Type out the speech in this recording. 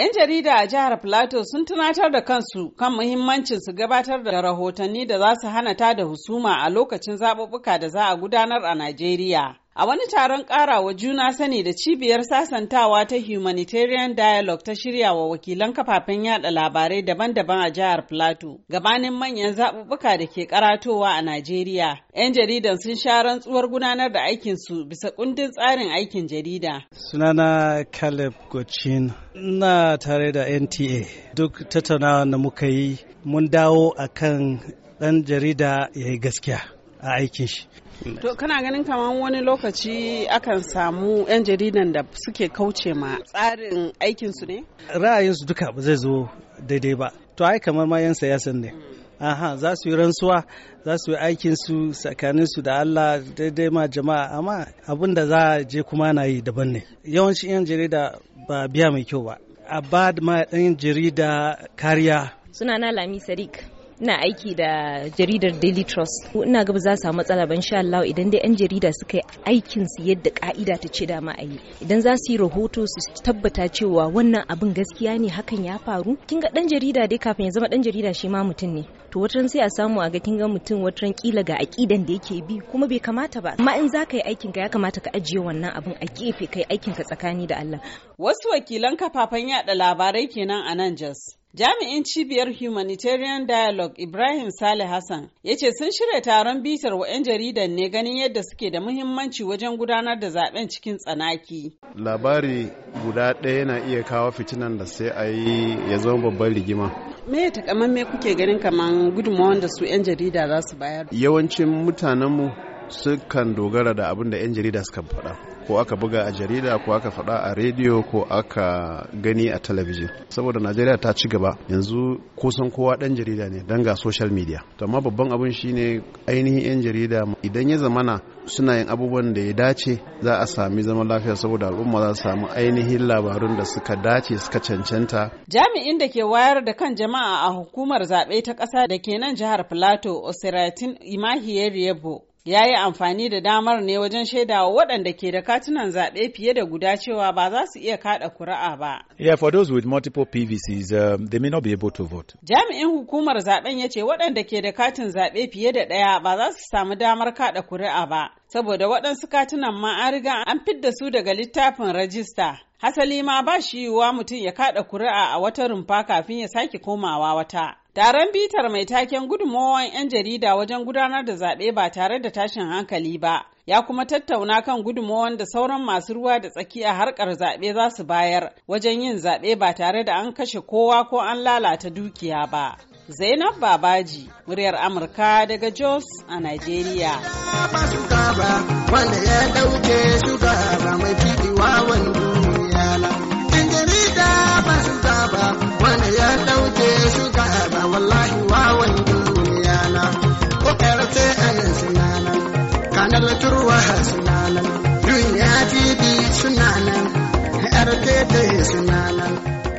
'Yan jarida a jihar Plateau sun tunatar da kansu kan muhimmancin su gabatar da rahotanni da za su hana ta da husuma a lokacin zaɓuɓɓuka da za a gudanar a Najeriya. A wani taron wa juna sani da cibiyar sasantawa ta Humanitarian Dialogue ta shirya wa wakilan kafafen yada labarai daban-daban a jihar Plateau gabanin manyan zaɓuɓɓuka da ke karatowa a Najeriya. 'Yan jaridan sun sha rantsuwar gudanar da aikinsu bisa kundin tsarin aikin jarida. Sunana Caleb Gochin, na tare da NTA. Duk tattaunawa da muka yi, mun dawo akan ɗan jarida ya yi gaskiya. a aikin shi to kana ganin kamar wani lokaci akan samu 'yan jaridan da suke kauce ma tsarin aikinsu ne ra'ayinsu duka ba zai zo daidai ba to ai kamar ma 'yan siyasan ne aha za su yi rantsuwa za su yi aikin su tsakanin su da Allah daidai ma jama'a amma abin da za a je kuma na yi daban ne Yawancin yan jarida ba biya mai kyau ba a ba ma yan jarida kariya suna na Lami Sadiq ina aiki da jaridar Daily Trust ina gaba za su samu matsala ban sha Allah idan dai yan jarida suka yi aikin su yadda ka'ida ta ce dama a yi idan za su yi rahoto su tabbata cewa wannan abin gaskiya ne hakan ya faru kin ga dan jarida dai kafin ya zama dan jarida shi ma mutum ne to wataran sai a samu a ga kin ga mutum wataran kila ga aƙidan da yake bi kuma bai kamata ba amma in za ka yi aikin ka ya kamata ka ajiye wannan abin a gefe kai aikin ka tsakani da Allah wasu wakilan kafafen yaɗa labarai kenan a nan Jos Jami'in cibiyar Humanitarian Dialogue Ibrahim Saleh Hassan ya ce sun shirya taron bitar wa 'yan jaridan ne ganin yadda suke da muhimmanci wajen gudanar da zaben cikin tsanaki. Labari guda ɗaya yana iya kawo fitinan da sai a yi ya zama babban rigima. Me takamamme kuke ganin kamar gudunmawar da su 'yan jarida za su bayar? Yawancin mutanenmu sukan dogara da abin da 'yan jarida suka faɗa ko aka buga a jarida ko aka faɗa a rediyo ko aka gani a talabijin saboda najeriya ta ci gaba yanzu kusan kowa ɗan jarida ne don ga social media to amma babban abin shine ainihin 'yan jarida idan ya zamana suna yin abubuwan da ya dace za a sami zaman lafiya saboda al'umma za su samu ainihin labarun da suka dace suka cancanta. Jami'in da ke wayar da kan jama'a a hukumar zaɓe ta ƙasa da ke nan jihar plateau Osiratin Imahiyar Yebo ya yi amfani da damar ne wajen shaidawa waɗanda ke da katunan zaɓe fiye da guda cewa ba za su iya kaɗa kuri'a ba. Yeah, for those with multiple PVCs, uh, um, they may not be able to vote. Jami'in hukumar zaɓen ya ce waɗanda ke da katin zaɓe fiye da ɗaya ba za su samu damar kaɗa kuri'a ba, saboda waɗansu katunan ma an riga an fidda su daga littafin rajista. Hasali ma ba shi yiwuwa mutum ya kaɗa kuri'a a wata rumfa kafin ya sake komawa wata. Taron bitar mai taken gudunmawar 'yan jarida wajen gudanar da zaɓe ba tare da tashin hankali ba, ya kuma tattauna kan gudunmawar da sauran masu ruwa da tsaki a harkar zaɓe za su bayar wajen yin zaɓe ba tare da an kashe kowa ko an lalata dukiya ba. Zainab Babaji, muryar Amurka daga Jos a Najeriya. Thank you.